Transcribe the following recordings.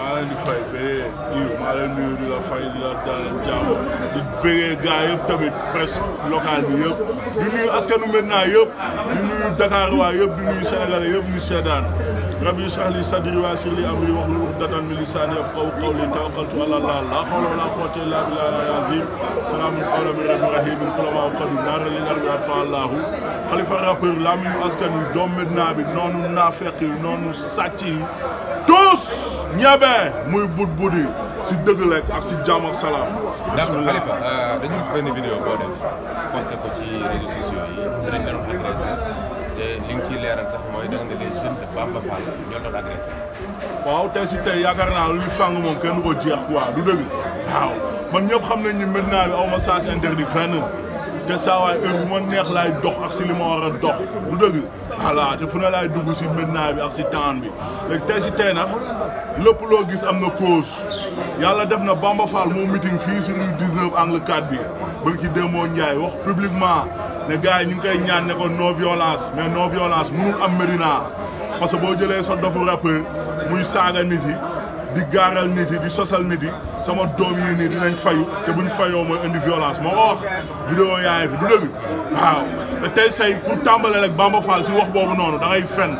maa leen di fay bégee Yves maa leen nuyu di la fay di la dalal jàmm di bégee gars yëpp tamit presse locale bi yëpp di nuyu askanu Médina yëpp di nuyu Dakar waa yëpp di nuyu sénégalais yëpp ñu seedaan rabbi ishrah li sadri wa yassir li amri wahlul uqdatan min lisani yafqahu qawli tawakkaltu ala Allah la hawla wala quwwata illa billahi al-aliyyil azim salaamun qawlan min rabbin rahim kulama qad nara lil arbiyat fa Allahu xalifa rappeur laa mi ñu askan wi doom Médina bi noonu naafeq yi noonu sàcc yi tous ñabe muy bout budi si deug lek ak ci jamm ak salam d'accord khalifa euh dañu gis ben vidéo bo def posté ko ci réseaux sociaux yi dañ la agresser té li ci léral sax moy da nga les jeunes de bamba fall waaw yaakar na fang mom kenn ko jeex quoi du deug waaw man ñep xam nañ ni maintenant awma sens interdit fenn té sa way heure bu ma neex lay dox ak li ma wara dox du deug voilà te fu ne laay dugg si maintenant bi ak si temps bi léegi tey si tey nag lépp loo gis am na cause yàlla def na Bamba Fall moo meeting fii si rue 19 angle bi bëgg ci Demba wax publiquement ne gars yi ñu ngi koy ñaan ne ko non violence mais non violence mënul am Médina parce que boo jëlee sa dofu rappeur muy saaga nit yi di gaaral nit di sosal nit sama doom yi nii dinañ fayu te buñ fayoo mooy indi violence moo ko wax vidéo yaay fi du dëgg waaw tey say pour tàmbale rek Bamba Fall si wax boobu noonu da ngay fen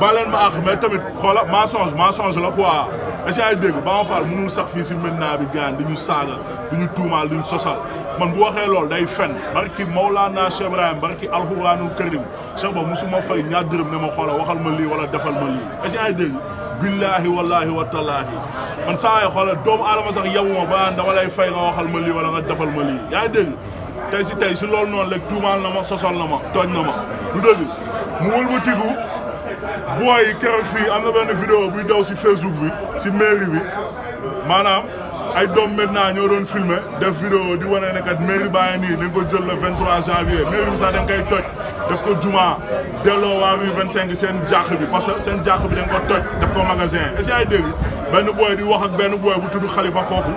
ba leen ma àq mais tamit xoola mensonge mensonge la quoi est-ce que ay dégg Bamba Fall mënul sax fii si maintenant bi gaan dañu saaga duñu tuumaal duñu sosal man bu waxee loolu day fen barki Maulana Cheikh Ibrahim barki alxuraanul karim Cheikh ba musuma fay ñaar dërëm ne ma xoola waxal ma lii wala defal ma lii est-ce que ay dégg billaahi wallaahi wa tallaahi man saa yoo xoola doomu aadama sax yawuma ba dama lay fay nga waxal ma lii wala nga defal ma lii yaa ngi dégg tey si tey si loolu noonu la tuumaal na ma sosal na ma tooñ na ma du dëgg mu wëlbatiku booy yi keroog fii am na benn vidéo buy daw si Facebook bi si mairie bi maanaam ay doom maintenant ñoo doon filmer def vidéo di wane ne kat mairie bàyyi nii dañ ko jël vingt 23 janvier mairie bi sax dañ kay toj daf ko juma delloo waa vingt 25 seen jàq bi parce seen jàq bi dañ ko toj daf ko magasin est-ce que ay dégg di wax ak benn booy bu tudd Xalifa foofu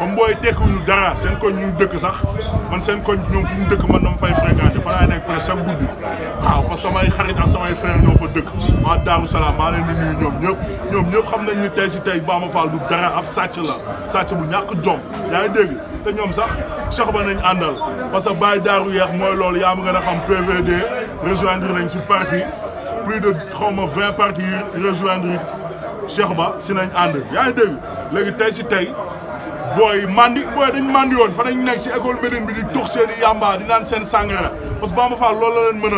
comme booy ñu dara seen koñ ñu dëkk sax man seen koñ ñoom fu ñu dëkk man dama fay fréquenté fa laay nekk presque chaque guddi waaw parce que samay xarit ak samay frère ñoo fa dëkk waa Daaru Salaam maa leen di nuyu ñoom ñëpp ñoom ñëpp xam nañ ni tey si tey Bamba faal du dara ab sàcc la sàcc bu ñàkk jom yaay ngi dégg te ñoom sax Cheikh Ba nañ àndal parce que Baye Daaru Yeex mooy loolu yaa ma gën a xam PVD rejoindre nañ si parti plus de xaw ma vingt parti rejoindre Cheikh Ba si nañ ànd yaay ngi dégg léegi tey si tey booy mandi booy dañ mandi woon fa dañ nekk si école Médine bi di tux seen i yàmba di naan seen sàngara parce que Bamba Fall loolu la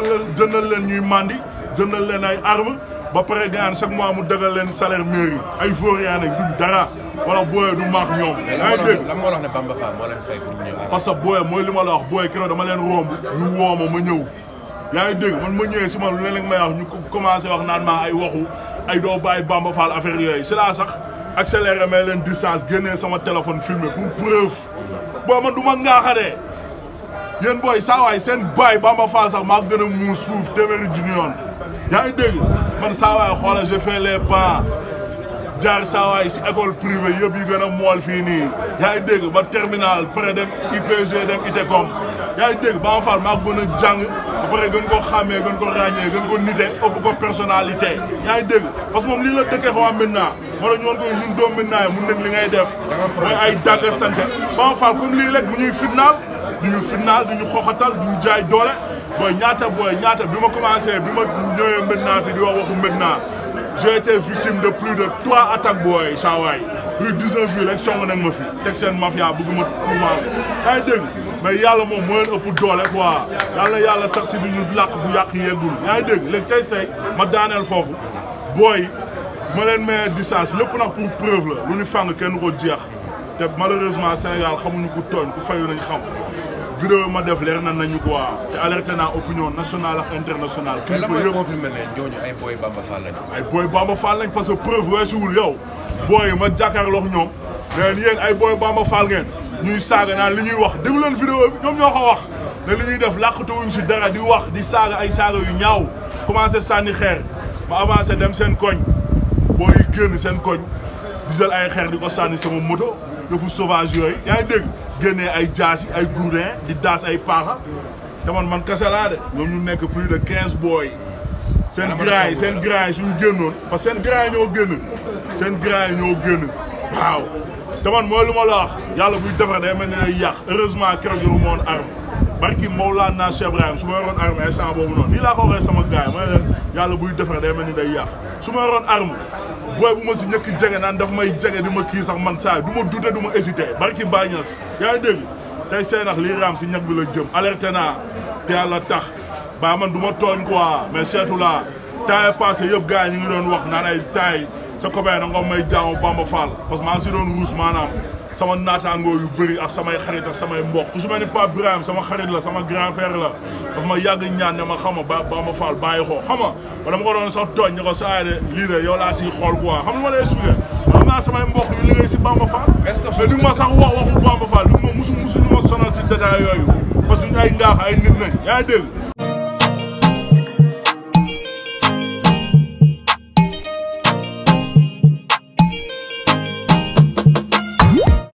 leen jëndal leen ñuy mandi jëndal leen ay arme ba pare dinaan chaque mois mu dagal leen salaire mairie ay vaurien nag duñ dara wala booy du maax ñoom. yaa ngi dégg lan moo wax ne Bamba Fall moo leen mooy li ma la wax booy keroog dama leen romb ñu woo ma ma ñëw. yaa ngi dégg man ma ñëwee si man lu ma may wax ñu commencé wax naan maa ay waxu ay doo bàyyi Bamba affaire yooyu si sax. accéléré may leen distance génnee sama téléphone filmé pour preuve boo man du ma ngaaxadee yéen booy saawaay seen baay Bamba Fall sax maa gën a muus fuuf téeméeri junni yoon yaa ngi dégg man saawaay xoola je fais les pas jaar saawaay si école privée yëpp yi gën a mool fii nii yaa ngi dégg ba terminal près dem IPG dem ITECOM a dégg maa gën a gën ko xàmmee gën ko ràññee gën ko nite ëpp personnalité parce que moom lii la dëkkee xaw maintenant wala ñu ñun doom maintenant mun nañ li ngay def ay sante on comme lii rek mu ñuy fitnaal du ñu fitnaal xoxatal du jaay doole booy ñaata booy ñaata bi commencé bi ma ñëwee maintenant fi di waxu maintenant j'ai été victime de plus de trois attaques booy saa waay 19 rek en nañ ma mafia bëgg ma mais yàlla moom moo leen ëpp doole quoi yàlla yàlla sax si du ñu làq fu yàq yeggul yaa ngi dégg léegi tey say ma daaneel foofu boy ma leen may distance lépp nag pour preuve la lu ñu fàng kenn ko jeex te malheureusement Sénégal xamuñu ku tooñ ku fayu nañ xam vidéo ma def leer na nañu quoi te alerté na opinion nationale ak internationale. kilifa yëpp mais confirmé ne ñooñu ay boy Bamba Fall lañ. ay boy Bamba Fall lañ parce que preuve weesuwul yow. boy ma jakar ak ñoom. ñen yéen ay boy Bamba Fall ngeen. ñuy saaga naan li ñuy wax déglu leen bi ñoom ñoo ko wax ne li ñuy def làqatuwuñ si dara di wax di saaga ay saaga yu ñaaw commencé sànni xeer ma avancé dem seen koñ booy génn seen koñ di jël ay xeer di ko sànni sama moto yëfu sauvage yooyu yaa ngi dégg génnee ay jaasi ay gourdin di daas ay paaxa te man man kese ñoom ñu nekk plus de quinze booy seen grand yi seen grand yi suñu génnoon parce que seen grand seen grand yi ñoo génn waaw daman mooy lu ma la wax yàlla buy defar day mel ne day yàq heureusement keroog yow ma woon arme barki Mawlana Cheikh Ibrahim su ma yoroon arme instant boobu noonu nii laa ko sama gars yi ma ne leen yàlla buy defar day mel ni day yàq suma ma yoroon arme bu ma si ñëkk jege naan daf may jege di ma kii sax man saa du ma dute du ma hésité barki Bañas yaa ngi dégg tey seenax lii raam si ñag bi la jëm alerté naa te yàlla tax baa man du ma tooñ quoi mais seetu laa temps yii passé yëpp gars yi ñu ngi doon wax naan ay temps yi sa copain da nga may jaamu Bamba Fall parce que maa ngi si doon ruus maanaam sama naataangoo a bëri ak samay a ak samay mbokk ku su mel ni Pape Birahim sama xarit la sama grand frère la dafa ma ñaan ne ma xama ba Bamba Fall ko xama ma dama ko doon sax tooñ ñu ko saa de lii de yow laa siy xool quoi xam nga ma lay expliqué am naa samay mbokk yu liggéey si Bamba Fall mais du musu musu du ma sonal si détail